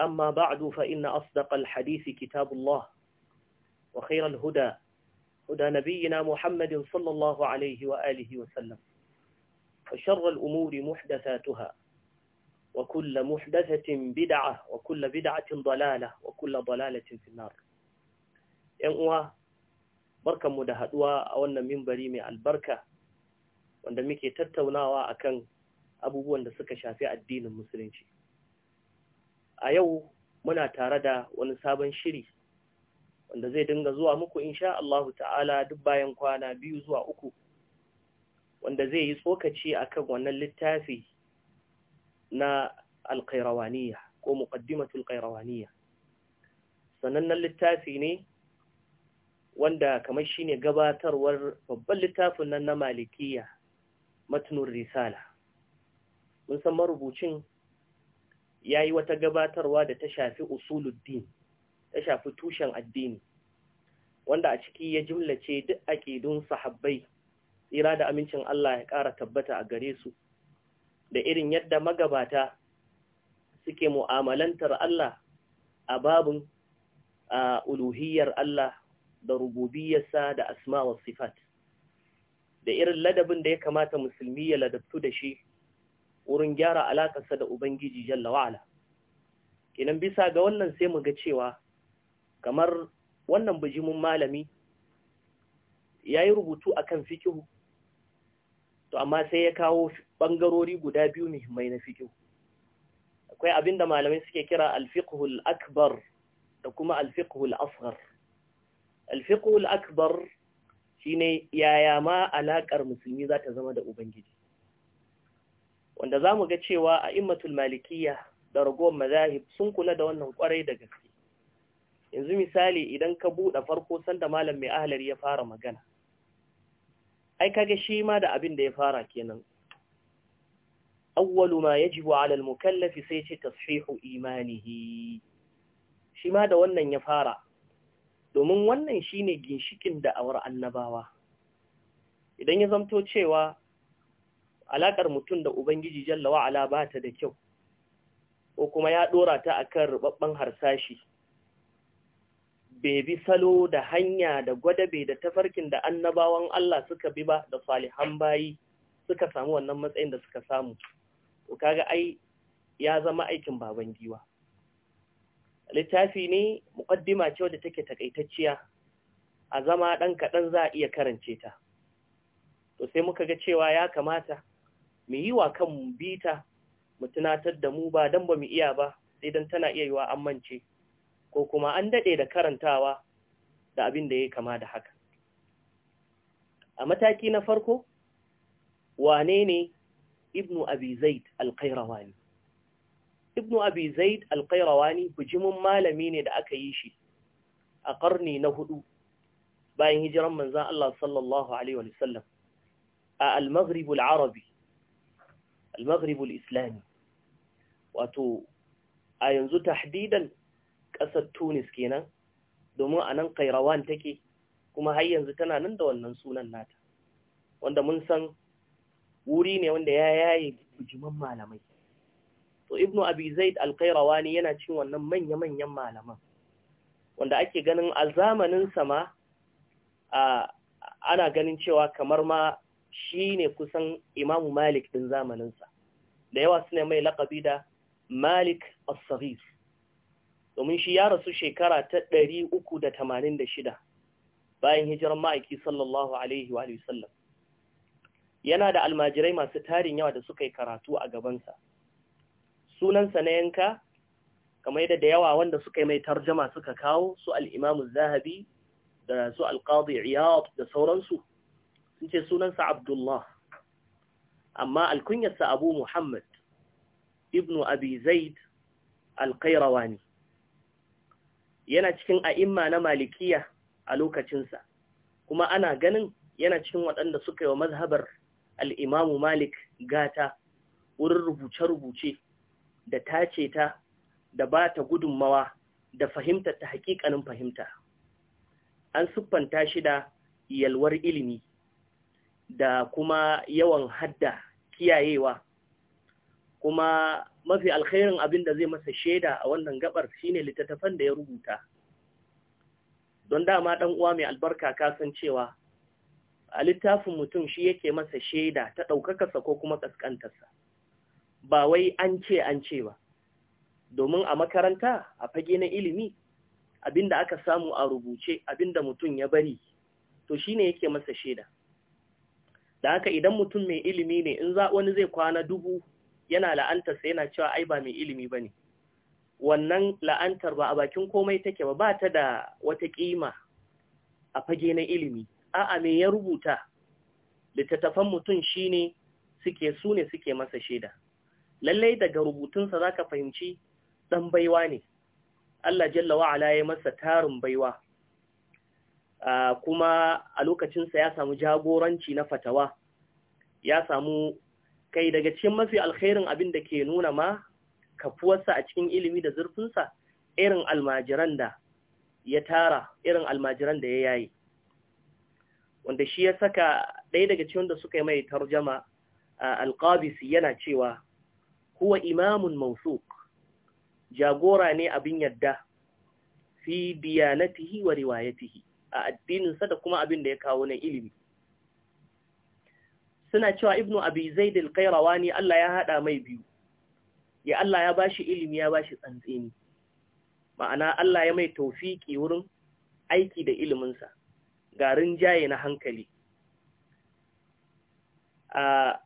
أما بعد فإن أصدق الحديث كتاب الله وخير الهدى هدى نبينا محمد صلى الله عليه وآله وسلم فشر الأمور محدثاتها وكل محدثة بدعة وكل بدعة ضلالة وكل ضلالة في النار ينقوى بركة مدهدوى أولنا من بريم البركة wanda muke tattaunawa akan abubuwan da suka shafi addinin musulunci a yau muna tare da wani sabon shiri wanda zai dinga zuwa muku insha Allahu ta'ala duk bayan kwana biyu zuwa uku wanda zai yi tsokaci akan wannan littafi na alƙairawaniya ko muqaddimatul ƙairawaniya sanannen littafi ne wanda kamar shine gabatarwar babban littafin nan na malikiya matnun risala mun san marubucin ya yi wata gabatarwa da ta shafi usuluddin ta shafi tushen addini wanda a ciki ya jimlace duk aƙidun sahabbai tsira da amincin Allah ya ƙara tabbata a gare su da irin yadda magabata suke mu'amalantar Allah a babin a uluhiyar Allah da rububiyarsa da asma wa sifat da irin ladabin da ya kamata musulmi ya ladabtu da shi wurin gyara alakarsa da Ubangiji jalla wa'ala. Kinan bisa ga wannan sai mu ga cewa, kamar wannan bijimin malami ya yi rubutu a kan fikihu, to amma sai ya kawo bangarori guda biyu muhimmai na fikihu. Akwai abinda malamai suke kira alfiqhul akbar da kuma alfiqhul asghar. Alfiqhul akbar shine yaya ma alaƙar musulmi za ta zama da Ubangiji. wanda za mu ga cewa a immatul malikiya da ragowar mazahib sun kula da wannan kwarai da gaske yanzu misali idan ka buɗe farko sanda malam mai ahalar ya fara magana ai kage shi ma da abin da ya fara kenan awwalu ma yajibu ala al-mukallafi sai ce tashihu imanihi shi ma da wannan ya fara domin wannan shine ginshikin da awar annabawa idan ya zamto cewa Alaƙar mutum da ubangiji jalla wa ala ba ta da kyau ko kuma ya dora ta akan rubabban harsashi bebi salo da hanya da gwadabe da tafarkin da annabawan Allah suka bi ba da salihan bayi suka samu wannan matsayin da suka samu to kaga ai ya zama aikin baban giwa littafi ne muqaddima ce wadda take takaitacciya a zama dan kadan za a iya karance ta to sai muka ga cewa ya kamata mu yi wa kanmu bita mu tunatar da mu ba don ba mu iya ba sai don tana iya yiwa an mance ko kuma an daɗe da karantawa da abin da ya kama da haka a mataki na farko wane ne ibnu abi zaid alƙairawani ibnu abi zaid bujimin malami ne da aka yi shi a ƙarni na hudu bayan hijiran manzan Allah sallallahu Alaihi wasallam a al-maghrib al-arabi al-maghribul islami wato a yanzu tahdidan ƙasar tunis kenan domin a nan kairawan take kuma har yanzu tana nan da wannan sunan nata wanda mun san wuri ne wanda ya yaye bujiman malamai to ibnu abi zaid al-qayrawani yana cin wannan manya-manyan malaman wanda ake ganin a zamanin ma a ana ganin cewa kamar ma shine kusan imamu malik din zamaninsa da yawa suna mai laƙabi da Malik As-Saghir domin shi ya rasu shekara ta 386 bayan hijiran ma'aiki sallallahu alaihi wa sallam yana da almajirai masu tarin yawa da suka yi karatu a gabansa sunansa na yanka kamar yadda da yawa wanda suka yi mai tarjama suka kawo su al Zahabi da su al-Qadi da sauransu sun ce sunansa Abdullah amma alkunyarsa abu muhammad ibnu abi zaid alkairawani yana cikin a'imma na malikiya a lokacinsa kuma ana ganin yana cikin waɗanda suka yi wa mazhabar al'imamu malik gata wurin rubuce-rubuce da tace ta da ba ta gudunmawa da fahimta ta haƙiƙanin fahimta an siffanta shi da yalwar ilimi da kuma yawan hadda kiyayewa kuma mafi alkhairin abin da zai masa shaida a wannan gabar shine littattafan da ya rubuta don dama dan uwa mai albarka kasan cewa a littafin mutum shi yake masa shaida ta ɗaukakarsa ko kuma ƙasƙantarsa ba wai an ce an ce ba domin a makaranta a fage na ilimi abinda aka samu a rubuce abin da mutum ya bari to shine yake masa shaida da haka idan mutum mai ilimi ne in za wani zai kwana dubu yana la'antar sai yana cewa ai ba mai ilimi ba ne wannan la'antar ba a bakin komai take ba ba ta da wata ƙima a fage na ilimi a'a me ya rubuta littattafan mutum shine suke su ne suke masa shaida lallai daga rubutunsa za ka fahimci ɗan baiwa ne Allah jalla wa'ala ya masa tarin baiwa Ah, kuma a lokacinsa ya samu jagoranci na fatawa ya samu kai daga cikin mafi alkhairin abin da ke nuna ma kafuwarsa a cikin ilimi da zurfinsa irin almajiran da ya tara irin almajiran da ya yayi wanda shi ya saka ɗaya daga cikin da suka yi mai tarjama ah, alqabisi yana cewa huwa imamun mausuk jagora ne abin yadda fi diyanatihi wa riwayatihi a addininsa da kuma abin da ya kawo na ilimi suna cewa ibnu abi zaid al-qayrawani Allah ya haɗa mai biyu ya Allah ya bashi ilimi ya bashi tsantseni ma'ana Allah ya mai tawfiki wurin aiki da iliminsa garin jaye na hankali a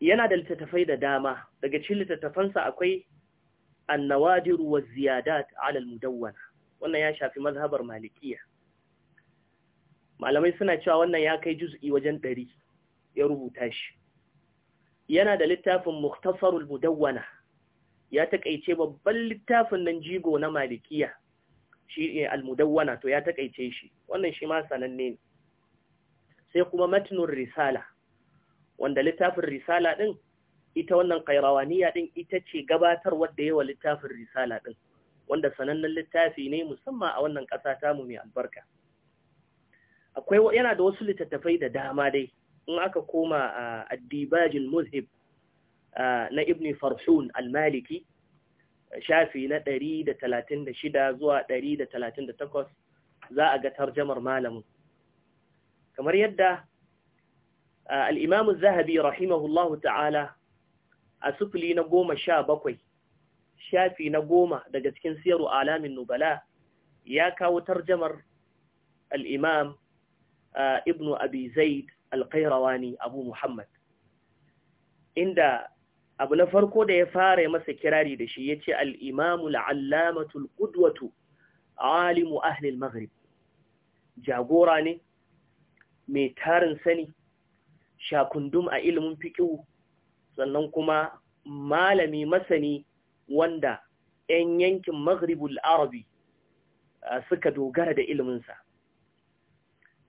yana da littattafai da dama daga cikin littattafansa akwai an wa ziyadat 'ala al-mudawwana wannan ya shafi mazhabar malikiya malamai suna cewa wannan ya kai juz'i wajen ɗari ya rubuta shi yana da littafin muktasarul mudawwana ya takaice babban littafin nan jigo na malikiya shi ne almudawwana to ya takaice shi wannan shi ma sananne ne sai kuma matnun risala wanda littafin risala ɗin, ita wannan kairawaniya din ita ce gabatar wadda yawa littafin risala ɗin. wanda sanannen littafi ne musamman a wannan ƙasa tamu mai albarka akwai yana da wasu littattafai da dama dai in aka koma a addibajin muzhib na ibn farhun al-maliki shafi na 136 zuwa 138 za a ga tarjamar malamin kamar yadda al zahabi rahimahullahu ta'ala a sufuli na goma sha bakwai shafi na goma daga cikin siyaru alamin nubala ya kawo tarjamar al'imam ibn abi zaid alƙairawani abu muhammad inda abu na farko da ya fara masa kirari da shi ya ce al'imamu la'allamatul ƙudwatu alimu ahlil maghrib jagora ne mai tarin sani shakundum a ilimin fikihu sannan kuma malami masani wanda ‘yan yankin maghribul arabi suka dogara da iliminsa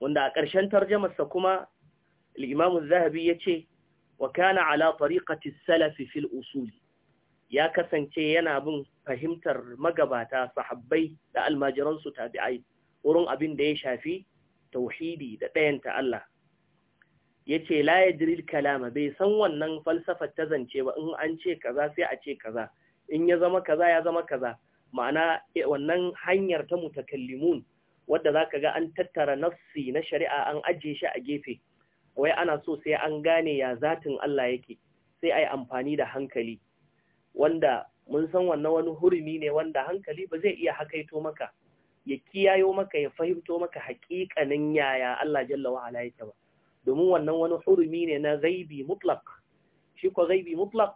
wanda a ƙarshen tarjamarsa kuma al'imamu zahabi ya ce wa kana ala tariƙati salafi fil usuli ya kasance yana bin fahimtar magabata sahabbai da almajiransu tabi'ai wurin abin da ya shafi tauhidi da ɗayanta Allah ya ce la ya jiril kalama bai san wannan falsafar ta zance ba in an ce kaza sai a ce kaza in ya zama kaza ya zama kaza ma'ana eh, wannan hanyar ta mutakallimun wadda zaka ga an tattara nafsi na shari'a an ajiye shi a gefe wai ana so sai an gane ya zatin Allah yake sai ai amfani da hankali wanda mun san wannan wani hurumi ne wanda hankali ba zai iya hakaito maka ya kiyayo maka ya fahimto maka haƙiƙanin yaya Allah jalla wa ala yake ba domin wannan wani hurumi ne na zaibi Mutlak, shi ko zaibi mutlaq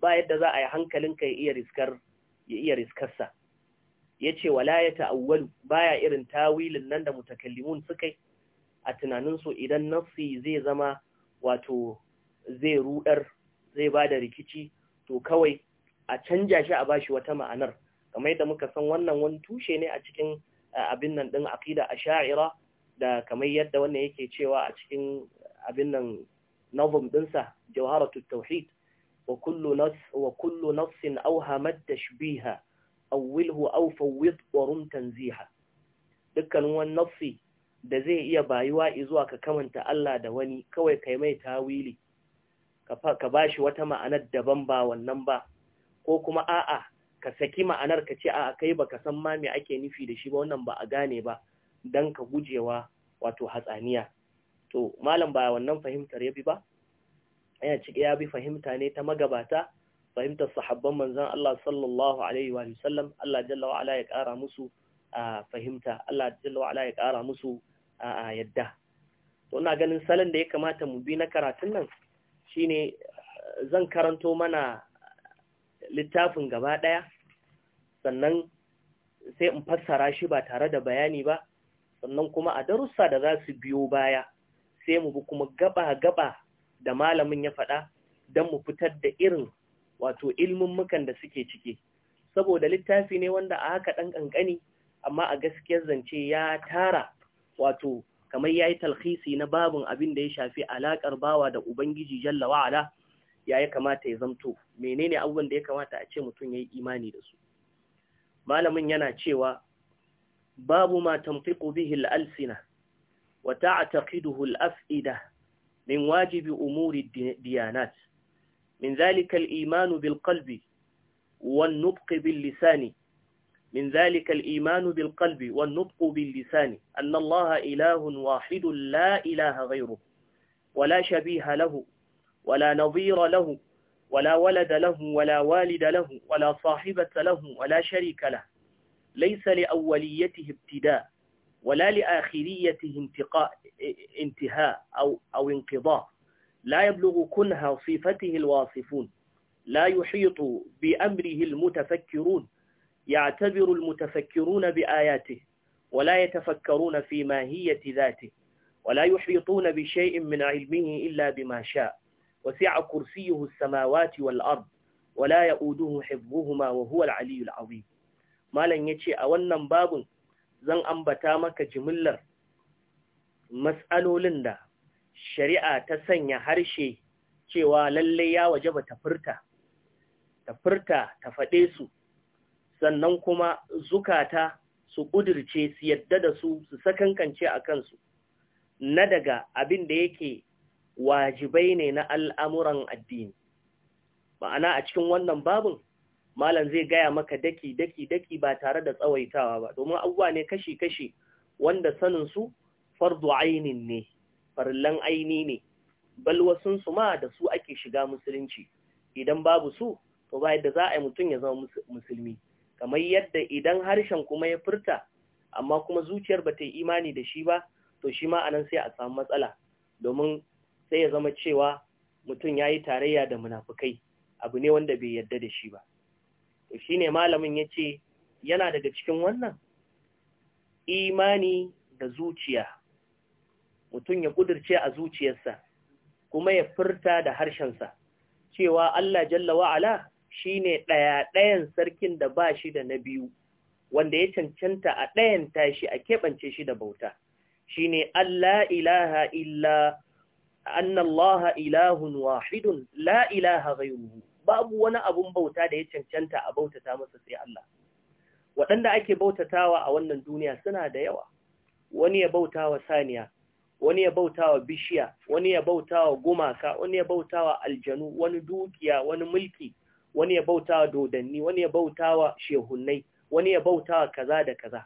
ba yadda za a yi ka ya iya riskar ya iya riskarsa yace wala ya ta'awwalu baya irin tawilin nan da mutakallimun suka yi a tunanin su idan nafsi zai zama wato zai rudar zai ba da rikici to kawai a canja shi a bashi wata ma'anar kamar yadda muka san wannan wani tushe ne a cikin eh, abin nan din aqida ash'ira da kamar yadda wannan yake cewa a cikin abin nan nazm dinsa jawharatu tauhid وكل نص وكل نص أوهم التشبيه أوله أو فوض ورم تنزيها دكان وان نصي da zai iya bayuwa izuwa ka kamanta Allah da wani kawai kai mai tawili ka ba shi wata ma'anar daban ba wannan ba ko kuma a'a ka saki ma'anar ka ce a kai baka san ma me ake nufi da shi ba wannan ba a gane ba dan ka gujewa wato hatsaniya to malam ba wannan fahimtar ya bi ba Aya ciki ya bi fahimta ne ta magabata fahimtar sahabban manzon Allah sallallahu alaihi wa sallam Allah jalla wa ala ya ƙara musu fahimta Allah jalla wa ala ya ƙara musu yadda to ina ganin salon da ya kamata mu bi na karatun nan shine zan karanto mana littafin gaba ɗaya sannan sai in fassara shi ba tare da bayani ba sannan kuma a darussa da za su biyo baya sai mu bi kuma gaba-gaba da malamin ya faɗa don mu fitar da irin wato ilmummukan da suke ciki saboda littafi ne wanda a haka ɗan ƙanƙani amma a gaskiyar zance ya tara wato kamar ya yi talhisi na babin abin da ya shafi alaƙar bawa da ubangiji jalla wa'ala ya ya kamata ya zamto menene abubuwan da ya kamata a ce mutum ya yi imani da su malamin yana cewa babu ma tamtiqu bihi al-alsina wa ta'taqiduhu al-af'ida من واجب أمور الديانات من ذلك الإيمان بالقلب والنطق باللسان من ذلك الإيمان بالقلب والنطق باللسان أن الله إله واحد لا إله غيره ولا شبيه له ولا نظير له ولا ولد له ولا والد له ولا صاحبة له ولا شريك له ليس لأوليته ابتداء ولا لآخريته انتقاء انتهاء أو, أو انقضاء لا يبلغ كنها صفته الواصفون لا يحيط بأمره المتفكرون يعتبر المتفكرون بآياته ولا يتفكرون في ماهية ذاته ولا يحيطون بشيء من علمه إلا بما شاء وسع كرسيه السماوات والأرض ولا يؤوده حفظهما وهو العلي العظيم ما لن يتشئ أولا باب zan ambata maka jimillar matsalolin da shari'a ta sanya harshe cewa lalle ya waje ba ta furta, ta ta faɗe su, sannan kuma zukata su ƙudurce su yadda da su su sakankance a kansu, na daga abin da yake wajibai ne na al'amuran addini. Ma'ana a cikin wannan babin malam zai gaya maka daki daki daki ba tare da tsawaitawa ba domin abuwa ne kashi kashi wanda sanin su fardu ainin ne farillan aini ne balwasunsu su ma da su ake shiga musulunci idan babu su to ba yadda za a yi mutum ya zama musulmi kamar yadda idan harshen kuma ya furta amma kuma zuciyar ba ta yi imani da shi ba to shi ma anan sai a samu matsala domin sai ya zama cewa mutum ya yi tarayya da munafukai abu ne wanda bai yadda da shi ba shi ne malamin ya ce yana daga cikin wannan imani da zuciya mutum ya ƙudurce a zuciyarsa kuma ya furta da harshensa cewa Allah jalla wa'ala shi ne ɗaya-ɗayan sarkin da ba shi da na biyu wanda ya cancanta a ɗayan tashi a keɓance shi da bauta shi ne Allah ilaha illa annallaha ilahun wahidun la ilaha ghairuhu babu wani abun bauta da ya cancanta a bautata masa sai Allah waɗanda ake bautatawa a wannan duniya suna da yawa wani ya bautawa saniya wani ya bautawa bishiya wani ya bautawa gumaka wani ya bautawa aljanu wani dukiya wani mulki wani ya bautawa dodanni wani ya bautawa shehunnai wani ya bautawa kaza da kaza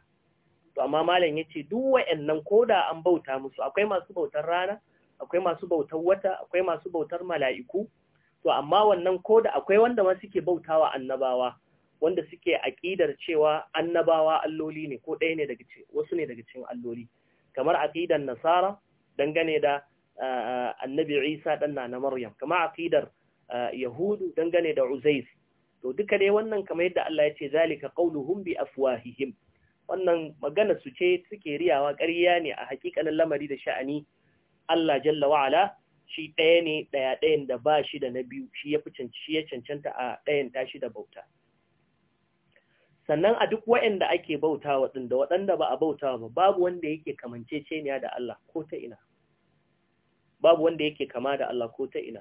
to amma malam ce duk wayannan da an bauta musu akwai masu bautar rana akwai masu bautar wata akwai masu bautar mala'iku to amma wannan ko da akwai wanda ma suke bautawa annabawa wanda suke aƙidar cewa annabawa alloli ne ko ɗaya ne daga wasu ne daga cikin alloli kamar aƙidar nasara dangane da eh, annabi isa ɗanna na maryam kamar aƙidar eh, yahudu dangane da Uzais. to duka dai wannan kamar yadda Allah ya ce zalika qauluhum bi afwahihim wannan magana su ce suke riyawa ƙarya ne a hakikanin lamari da sha'ani Allah jalla wa ala shi ɗaya ne ɗaya ɗayan da ba shi da na biyu shi ya cancanta a ɗayan tashi da bauta sannan a duk waɗanda ake bauta wa da waɗanda ba a bauta ba babu wanda yake kamance ceniya da Allah ko ta ina babu wanda yake kama da Allah ko ta ina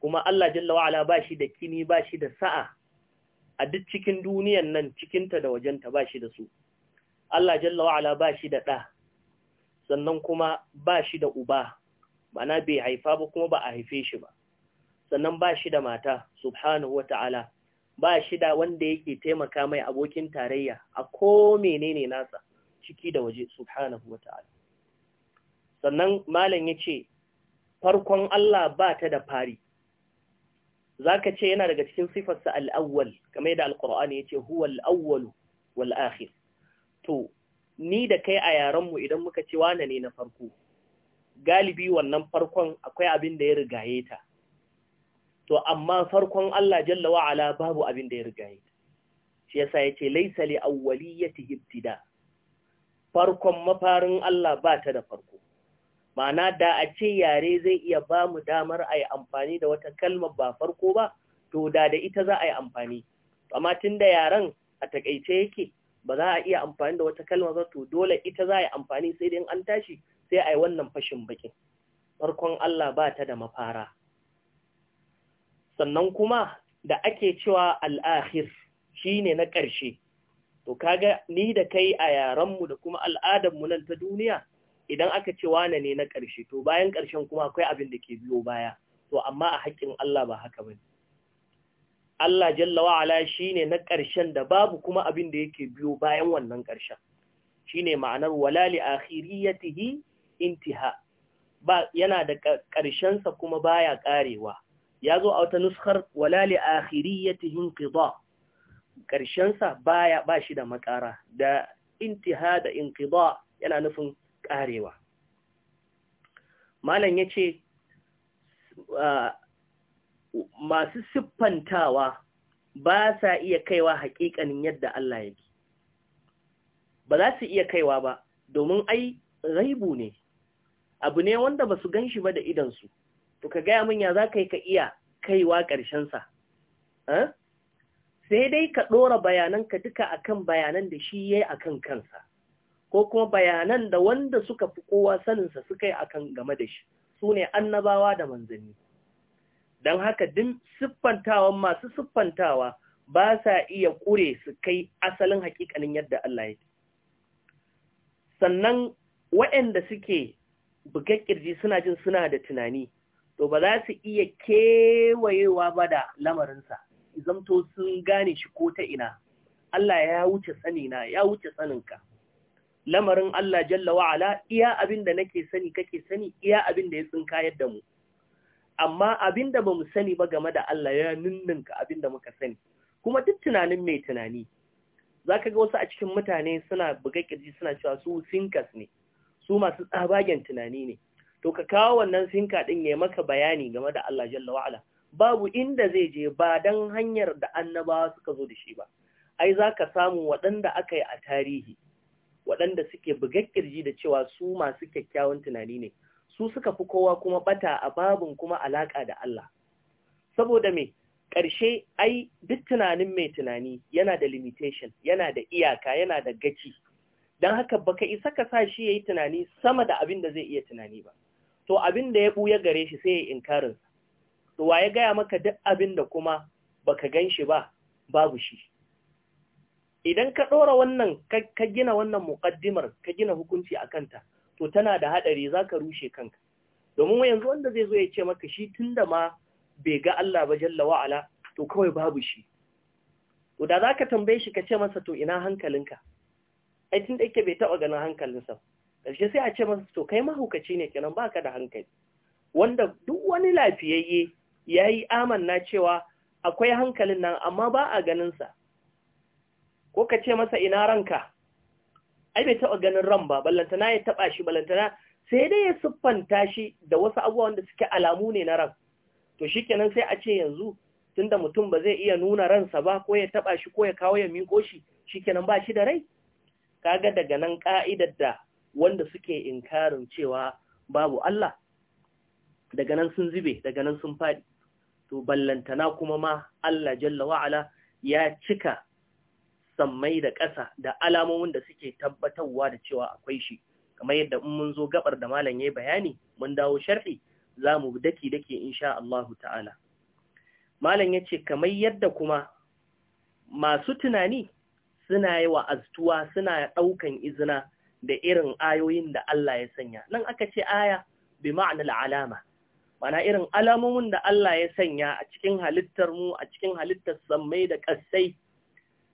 kuma Allah jalla wa'ala ba shi da kini ba shi da sa'a a duk cikin duniyan nan cikinta da wajenta ba shi da su Allah jalla wa'ala ba shi da ɗa sannan kuma ba shi da uba ma'ana bai haifa ba kuma ba a haife shi ba sannan ba shi da mata subhanahu wata'ala ba shi da wanda yake taimaka mai abokin tarayya a ko menene nasa ciki da waje subhanahu wata'ala sannan malam yace farkon Allah ba ta da fari zaka ce yana daga cikin sifarsa al-awwal kamar yadda al-Qur'ani yace huwa al-awwalu wal akhir to ni da kai a yaran mu idan muka ce wane ne na farko galibi wannan farkon akwai abin da ya rigaye ta to amma farkon Allah jalla wa babu abin da ya rigaye ta shi yasa yace laysa li awwaliyati ibtida farkon mafarin Allah ba ta da farko ma'ana da a ce yare zai iya ba mu damar a yi amfani da wata kalma ba farko ba to da da ita za a yi amfani amma tun da yaren a takaice yake ba za a iya amfani da wata kalma ba to dole ita za a yi amfani sai dai an tashi sai a yi wannan fashin bakin farkon Allah ba ta da mafara sannan kuma da ake cewa al'ahir shi ne na ƙarshe to kaga ni da kai a yarenmu da kuma al'adarmu nan ta duniya idan aka cewa wane ne na ƙarshe to bayan ƙarshen kuma akwai abin da ke biyo baya to amma a haƙƙin Allah ba haka bane Allah jalla wa'ala ne na ƙarshen da babu kuma abin da yake biyo bayan wannan ƙarshen shi ne ma'anar walali akhiriyatihi intiha ba yana da ƙarshensa sa kuma baya karewa zo a wata nuskhar walali li akhiriyatihi inqida ƙarshen sa baya ba shi da makara da intiha da inqida yana nufin karewa malam yace masu siffantawa ba sa iya kaiwa haƙiƙanin yadda Allah yake ba za su iya kaiwa ba domin ai raibu ne abu ne wanda ba su gan shi ba da idansu to ka gaya min ya za ka yi ka iya kaiwa sa? sai dai ka ɗora ka duka akan bayanan da shi ya yi akan kansa ko kuma bayanan da wanda suka fi kowa saninsa suka yi akan game da shi su ne annabawa da manzanni don haka din siffantawan masu siffantawa ba sa iya ƙure su kai asalin hakikanin yadda Allah yake sannan waɗanda suke bugar kirji suna jin suna da tunani to ba za su iya kewayewa ba da lamarinsa zamto sun gane shi ko ta ina Allah ya wuce sanina ya wuce saninka lamarin Allah jalla wa'ala iya abin da nake sani kake sani iya abin da ya tsinka yadda mu amma abin da ba mu sani ba game da Allah ya ninninka abin da muka sani kuma duk tunanin mai tunani za ka ga wasu a cikin mutane suna buga kirji suna cewa su sinkers ne su masu tsabagen tunani ne to ka kawo wannan sinka din ya maka bayani game da Allah jalla wa'ala babu inda zai je ba dan hanyar da annabawa suka zo da shi ba ai zaka samu waɗanda aka yi a tarihi waɗanda suke bugakkirji da cewa su masu kyakkyawan tunani ne su suka fi kowa kuma bata a babin kuma alaka da Allah saboda me ƙarshe ai duk tunanin mai tunani yana da limitation yana da iyaka yana da gaci don haka baka isa ka sa shi ya yi tunani sama da abin da zai iya tunani ba to abin da ya buya gare shi sai ya inkarin to wa ya gaya maka duk abin da kuma baka gan shi ba babu shi idan ka ɗora wannan ka gina wannan muƙaddimar ka gina hukunci a kanta to tana da haɗari za ka rushe kanka domin yanzu wanda zai zo ya ce maka shi tunda ma bai ga Allah ba jalla wa'ala to kawai babu shi to da za ka tambaye shi ka ce masa to ina hankalinka ajin da yake bai taɓa ganin hankalinsa ƙarshe sai a ce masa to kai mahaukaci ne kenan baka da hankali wanda duk wani lafiyayye ya yi amanna cewa akwai hankalin nan amma ba a ganinsa ko ka ce masa ina ranka ai bai taɓa ganin ran ba ballantana ya taɓa shi ballantana sai dai ya siffanta shi da wasu abubuwa wanda suke alamu ne na ran to shi kenan sai a ce yanzu tunda mutum ba zai iya nuna ransa ba ko ya taɓa shi ko ya kawo ya miƙo shi Shi kenan ba shi da rai kaga daga nan ka'idar da wanda suke inkarin cewa babu Allah daga nan sun zube daga nan sun faɗi to ballantana kuma ma Allah jalla wa'ala ya cika sammai da ƙasa da alamomin da suke tabbatarwa da cewa akwai shi kamar yadda in mun zo gabar da malam yayi bayani mun dawo sharhi zamu daki dake insha Allah ta'ala malam yace kamar yadda kuma masu tunani suna yi wa aztuwa suna ɗaukan izina da irin ayoyin da Allah ya sanya nan aka ce aya bi ma'anar alama mana irin alamomin da Allah ya sanya a cikin halittar mu a cikin halittar sammai da ƙasai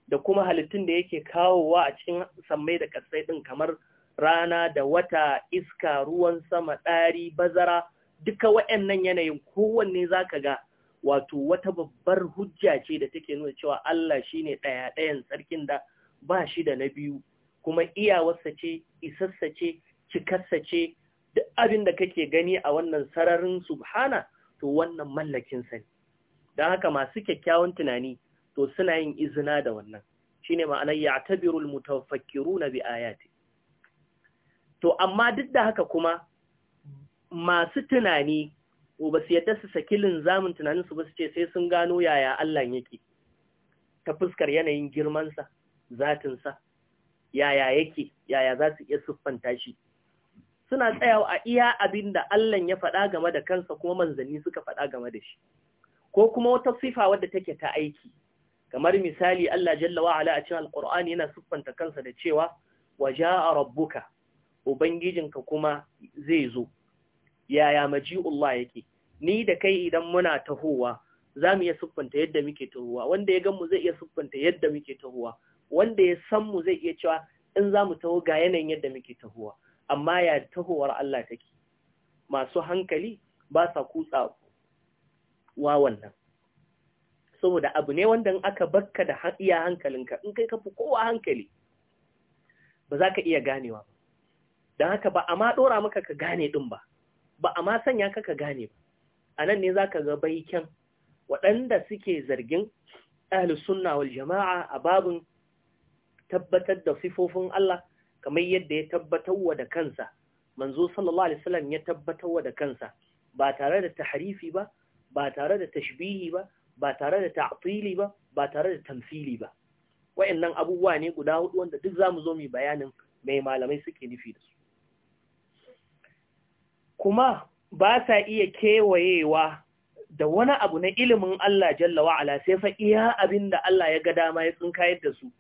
da kuma halittun da yake kawowa a cikin sammai da ƙasai ɗin kamar rana da wata iska ruwan sama ɗari bazara duka wa'annan yanayin kowanne za ka ga wato wata babbar hujja ce da take nuna cewa Allah shine ɗaya ɗayan tsarkin da ba shi da na biyu kuma iyawarsa ce isassa ce cikarsa ce duk abin da kake gani a wannan sararin subhana to wannan mallakinsa ne don haka masu kyakkyawan tunani to suna yin izina da wannan shine ma'anar ya'tabirul mutafakkiruna bi ayati to amma duk da haka kuma masu tunani ba su yadda su zamun tunanin su ba su ce sai sun gano yaya Allah yake ta fuskar yanayin girmansa zatinsa yaya yake yaya za su iya siffanta shi suna tsayawa a iya abin da Allah ya faɗa game da kansa kuma manzanni suka faɗa game da shi ko kuma wata sifa wadda take ta aiki kamar misali Allah jalla wa ala a cikin alqur'ani yana siffanta kansa da cewa waja'a rabbuka ubangijinka kuma zai zo yaya maji'ullah yake ni da kai idan muna tahowa za mu iya siffanta yadda muke tahowa wanda ya ganmu zai iya siffanta yadda muke tahowa wanda ya san mu zai iya cewa in za mu taho ga yanayin yadda muke tahowa amma ya tahowar Allah take masu hankali ba sa kutsa wa wannan saboda abu ne wanda aka bakka da iya hankalinka in kai fi kowa hankali ba za ka iya ganewa ba don haka ba amma ɗora maka ka gane ɗin ba ba a ma sanya ka ka gane ba a nan ne za ka ga baiken waɗanda suke zargin sunna wal jama'a a babin tabbatar da sifofin Allah kamar yadda ya tabbatarwa da kansa manzo sallallahu alaihi wasallam ya tabbatarwa da kansa ba tare da tahrifi ba ba tare da tashbihi ba ba tare da ta'tili ba ba tare da tamthili ba wa'annan abubuwa ne guda hudu wanda duk zamu zo mu bayanin mai malamai suke nufi da su kuma ba sa iya kewayewa da wani abu na ilimin Allah jalla wa'ala sai fa iya abin da Allah ya ga dama ya tsinkayar da su.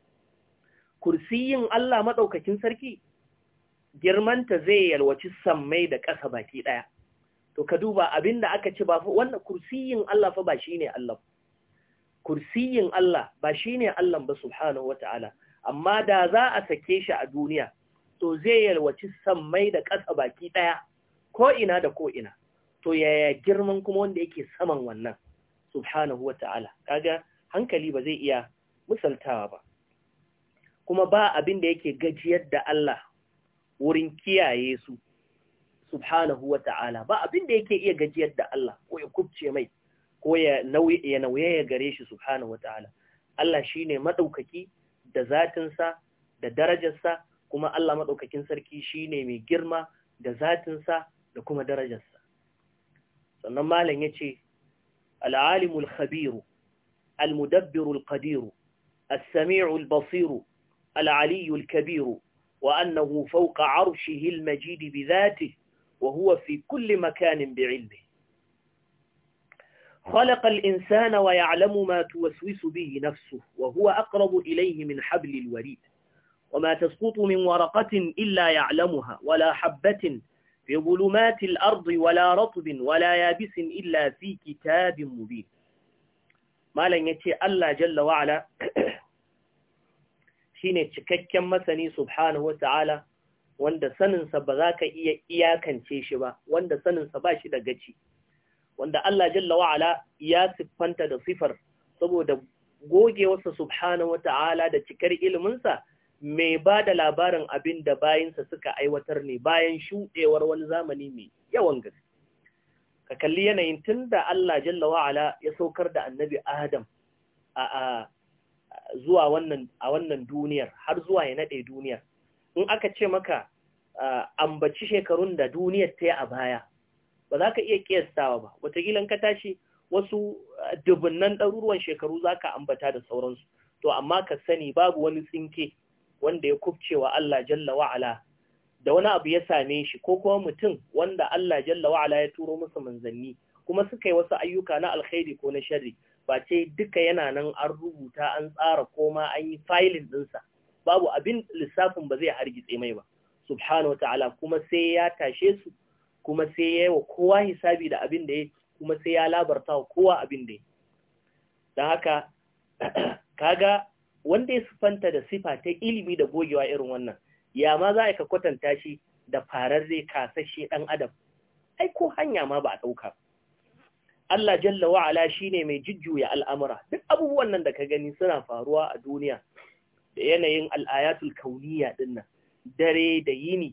Kursiyin Allah maɗaukakin sarki, girmanta zai yalwaci sammai da ƙasa baki ɗaya. To ka duba abin da aka ci ba fa wannan kursiyin Allah fa ba shi ne Allah. Kursiyin Allah ba shi ne Allah ba subhanahu wa ta'ala, amma da za a sake shi a duniya, to zai yalwaci sammai da ƙasa baki ɗaya. ko'ina da ko'ina to yaya girman kuma wanda yake saman wannan subhanahu wa ta'ala kaga hankali ba zai iya misaltawa ba kuma ba abin da yake gajiyar da Allah wurin kiyaye su subhanahu wa ta'ala ba abin da yake iya gajiyar da Allah ko ya kubce mai ko ya nauye ya gare shi subhanahu wa ta'ala Allah shi ne maɗaukaki da zatinsa da darajarsa kuma Allah maɗaukakin sarki shi ne mai girma da zatinsa da kuma darajarsa sannan malam yace al-alimul khabiru al-mudabbirul qadiru as-sami'ul basiru al-aliyul kabiru wa annahu fawqa arshihi al-majid bi dhatihi wa huwa fi kulli makanin bi ilmihi خلق الإنسان ويعلم ما توسوس به نفسه وهو أقرب إليه من حبل الوريد وما تسقط من ورقة إلا يعلمها ولا حبة في ظلمات الأرض ولا رطب ولا يابس إلا في كتاب مبين ما لن يتي الله جل وعلا shine cikakken masani subhanahu ta'ala wanda saninsa ba za ka iya iyakance shi ba wanda saninsa ba shi da gaci wanda Allah jalla wa'ala ya siffanta da sifar saboda goge wasa subhanahu ta'ala da cikar iliminsa mai ba da labarin abin da bayansa suka aiwatar ne bayan shuɗewar wani zamani mai yawan gaske. Ka kalli yanayin tun da Allah Jalla wa'ala ya saukar da annabi Adam a wannan duniyar har zuwa ya naɗe duniyar. In aka ce maka ambaci shekarun da duniyar ta yi a baya, ba za ka iya ƙiyastawa ba, wataƙila ka tashi wasu dubunnan ɗaruruwan shekaru za ka ambata da sauransu. To, amma ka sani babu wani tsinke wanda ya kubcewa Allah jalla wa'ala da wani abu ya same shi ko kuma mutum wanda Allah jalla wa'ala ya turo musu manzanni kuma suka yi wasu ayyuka na alkhairi ko na sharri ba ce duka yana nan an rubuta an tsara koma an yi filin ɗinsa babu abin lissafin ba zai hargitse mai ba subhanahu ta'ala kuma sai ya tashe su kuma sai ya yi wa kowa hisabi da abin da ya kuma sai ya labarta wa kowa abin da ya don haka kaga wanda ya sufanta da sifa ta ilimi da gogewa irin wannan ya ma za a ka kwatanta shi da fararre kasashe ɗan adam ai ko hanya ma ba a ɗauka Allah jalla wa'ala ne mai jujjuya al'amura duk abubuwan nan da ka gani suna faruwa a duniya da yanayin al'ayatul kauniya dinnan dare da yini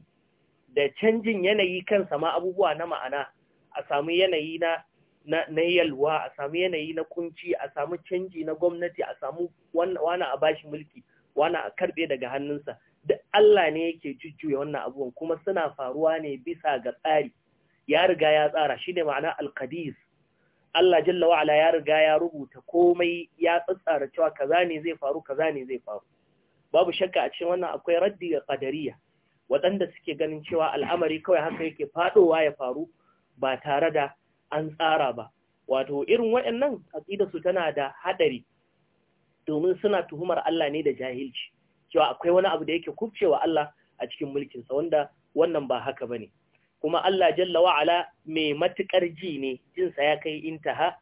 da canjin yanayi kansa ma abubuwa na ma'ana a samu yanayi na na yalwa a samu yanayi na kunci a samu canji na gwamnati a samu wani a bashi mulki wani a karbe daga hannunsa duk Allah ne yake jujjuya wannan abubuwan kuma suna faruwa ne bisa ga tsari ya riga ya tsara shi ne ma'ana alkadis Allah jalla wa'ala ya riga ya rubuta komai ya tsatsara cewa kaza ne zai faru kaza ne zai faru babu shakka a cikin wannan akwai raddi ga qadariya waɗanda suke ganin cewa al'amari kawai haka yake fadowa ya faru ba tare da an tsara ba wato irin waɗannan aqida su tana da haɗari, domin suna tuhumar Allah ne da jahilci cewa akwai wani abu da yake kubcewa Allah a cikin mulkinsa wanda wannan ba haka ba ne. kuma Allah jalla wa'ala mai matukar ji ne jinsa ya kai intaha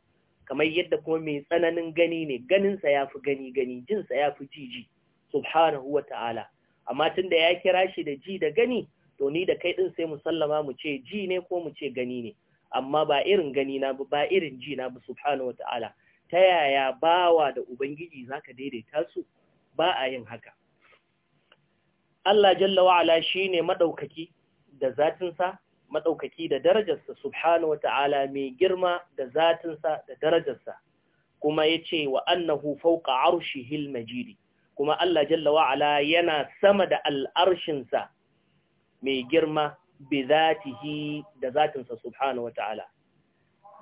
kamar yadda kuma mai tsananin gani ne ganinsa ya fi gani gani jinsa ya fi jiji subhanahu wa ta'ala amma tun da ya kira shi da ji da gani to ni da kai ɗin sai mu sallama mu ce ji ne ko mu ce gani ne amma ba irin gani na ba irin ji na ba subhanahu wata'ala ta yaya bawa da ubangiji zaka daidaita su ba a yin haka Allah jalla wa shine madaukaki da sa madaukaki da darajarsa subhanahu wata'ala mai girma da sa da darajarsa kuma yace wa annahu fawqa al-majid kuma Allah jalla wa yana sama da al'arshinsa mai girma bi zatihi da zatinsa subhanahu ta'ala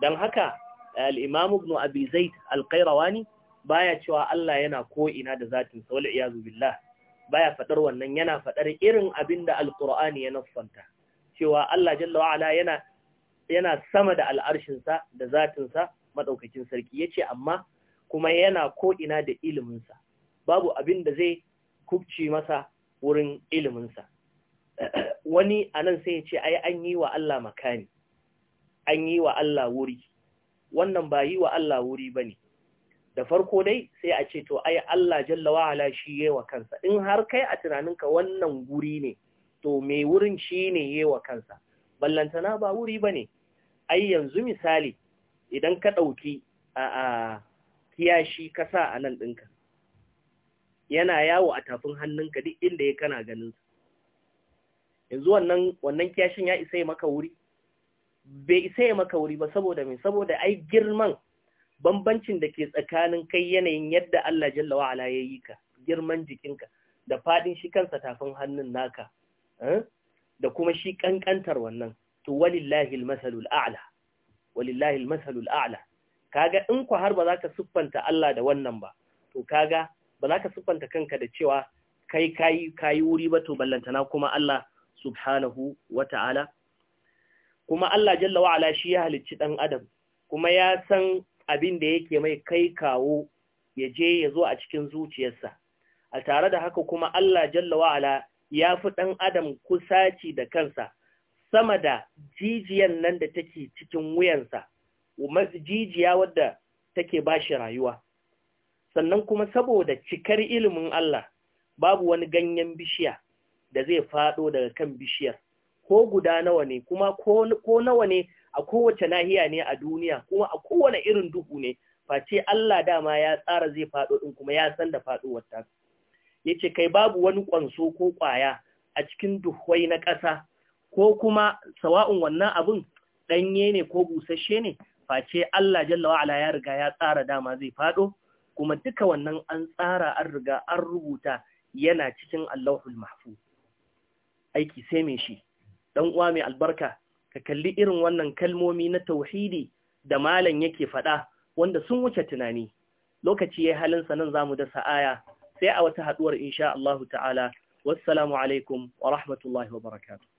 dan haka al-imam ibn abi zaid al-qayrawani baya cewa Allah yana ko ina da zatinsa wal iyazu billah baya fadar wannan yana fadar irin abinda al-qur'ani ya nufanta, cewa Allah jalla wa yana yana sama da al'arshinsa da zatinsa madaukakin sarki yace amma kuma yana ko ina da iliminsa babu abin da zai kubci masa wurin iliminsa wani a nan sai ya ce ai an yi wa Allah makani an yi wa Allah wuri wannan ba yi wa Allah wuri ba ne da farko dai sai a ce to ai Allah jalla ala shi wa kansa in har kai a tunaninka wannan guri ne to me wurin shi ne wa kansa ballantana ba wuri ba ne ai yanzu misali idan ka ɗauki a kiyashi ka sa a nan ɗinka yana yawo a tafin hannunka duk inda ya kana ganinsa yanzu wannan wannan kiyashin ya isa ya maka wuri bai isa ya maka wuri ba saboda me saboda ai girman bambancin da ke tsakanin kai yanayin yadda Allah jalla wa ala yayi ka girman jikinka da fadin shi kansa tafin hannun naka eh? da kuma shi kankantar wannan to walillahi almasalul a'la a'la kaga in ku har ba za ka siffanta Allah da wannan ba to kaga ba za ka siffanta kanka da cewa kai kayi kayi wuri ba to ballantana kuma Allah subhanahu wa ta'ala kuma Allah jalla wa shi ya halicci dan adam kuma ya san abin da yake mai kai kawo ya je ya zo a cikin zuciyarsa a tare da haka kuma Allah jalla wa ya fi dan adam kusaci da kansa sama da jijiyan nan da take cikin wuyansa jijiya wadda take bashi rayuwa sannan kuma saboda cikar ilimin Allah babu wani ganyen bishiya da zai fado daga kan bishiyar ko guda nawa ne kuma ko nawa ne a kowace nahiya ne a duniya kuma a kowane irin duhu ne face Allah dama ya tsara zai fado din kuma ya san da fadowar ta yace kai babu wani kwanso ko kwaya a cikin duhwai na ƙasa ko kuma sawa'un wannan abun danye ne ko busasshe ne face Allah jalla wa'ala ya riga ya tsara dama zai fado kuma duka wannan an tsara an riga an rubuta yana cikin Allahul Mahfuz aiki sai mai shi dan uwa mai albarka ka kalli irin wannan kalmomi na tauhidi da malam yake faɗa wanda sun wuce tunani lokaci yayin halin sa nan zamu dasa aya sai a wata haduwar insha Allah ta'ala wassalamu alaikum wa rahmatullahi wa barakatuh